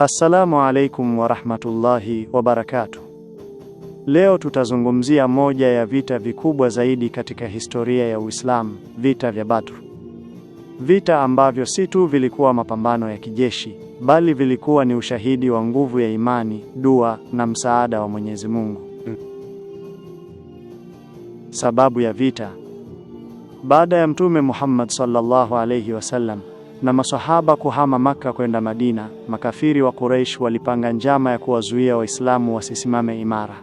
Assalamu alaikum warahmatullahi wabarakatu Leo tutazungumzia moja ya vita vikubwa zaidi katika historia ya Uislamu, vita vya Badr. Vita ambavyo si tu vilikuwa mapambano ya kijeshi, bali vilikuwa ni ushahidi wa nguvu ya imani, dua na msaada wa Mwenyezi Mungu. Sababu ya vita. Baada ya Mtume Muhammad sallallahu alayhi wasallam na masahaba kuhama Maka kwenda Madina, makafiri wa Quraysh walipanga njama ya kuwazuia Waislamu wasisimame imara.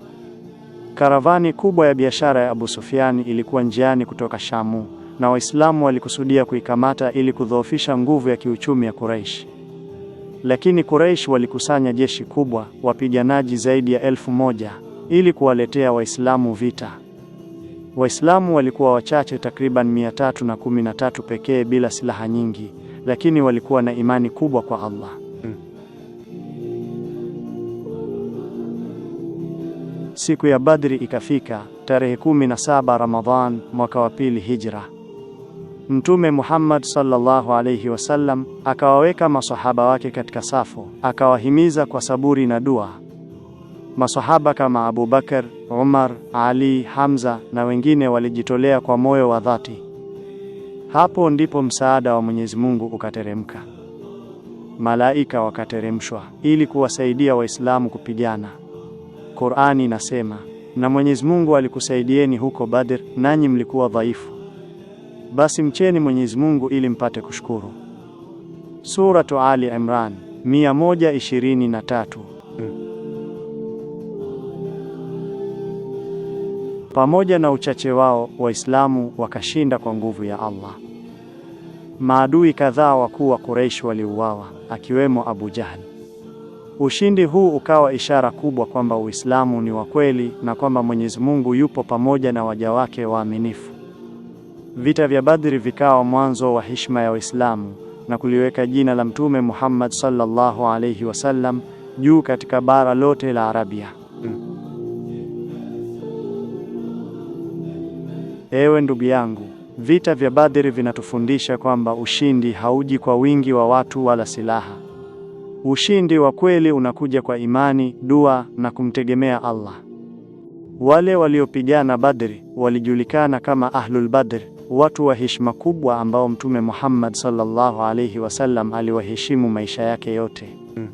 Karavani kubwa ya biashara ya Abu Sufyan ilikuwa njiani kutoka Shamu na Waislamu walikusudia kuikamata ili kudhoofisha nguvu ya kiuchumi ya Quraysh. Lakini Quraysh walikusanya jeshi kubwa, wapiganaji zaidi ya elfu moja ili kuwaletea Waislamu vita. Waislamu walikuwa wachache, takriban 313 na pekee bila silaha nyingi, lakini walikuwa na imani kubwa kwa Allah. Siku ya Badri ikafika tarehe 17 Ramadhan mwaka wa pili Hijra. Mtume Muhammad sallallahu alayhi wasallam akawaweka masahaba wake katika safu, akawahimiza kwa saburi na dua. Masahaba kama Abu Bakar, Umar, Ali, Hamza na wengine walijitolea kwa moyo wa dhati. Hapo ndipo msaada wa Mwenyezi Mungu ukateremka, malaika wakateremshwa ili kuwasaidia Waislamu kupigana. Qur'ani inasema, na Mwenyezi Mungu alikusaidieni huko Badr, nanyi mlikuwa dhaifu, basi mcheni Mwenyezi Mungu ili mpate kushukuru. Suratu Ali Imran 123. Pamoja na uchache wao, Waislamu wakashinda kwa nguvu ya Allah maadui kadhaa wakuu wa Quraysh waliuawa, akiwemo Abu Jahl. Ushindi huu ukawa ishara kubwa kwamba Uislamu ni wa kweli na kwamba Mwenyezi Mungu yupo pamoja na waja wake waaminifu. Vita vya Badri vikawa mwanzo wa heshima ya Uislamu na kuliweka jina la Mtume Muhammad sallallahu alayhi wasallam juu katika bara lote la Arabia. Ewe ndugu yangu, Vita vya Badri vinatufundisha kwamba ushindi hauji kwa wingi wa watu wala silaha. Ushindi wa kweli unakuja kwa imani, dua na kumtegemea Allah. Wale waliopigana Badri walijulikana kama Ahlul Badr, watu wa heshima kubwa ambao Mtume Muhammad sallallahu alaihi wasallam aliwaheshimu maisha yake yote. Hmm.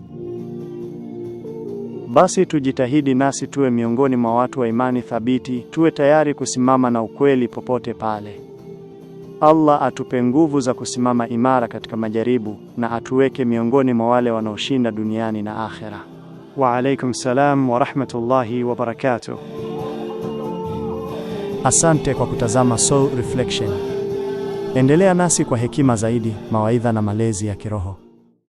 Basi tujitahidi nasi tuwe miongoni mwa watu wa imani thabiti, tuwe tayari kusimama na ukweli popote pale. Allah atupe nguvu za kusimama imara katika majaribu na atuweke miongoni mwa wale wanaoshinda duniani na akhera. Wa alaykum salam wa rahmatullahi wa barakatuh. Asante kwa kutazama Soul Reflection. Endelea nasi kwa hekima zaidi, mawaidha na malezi ya kiroho.